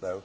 though.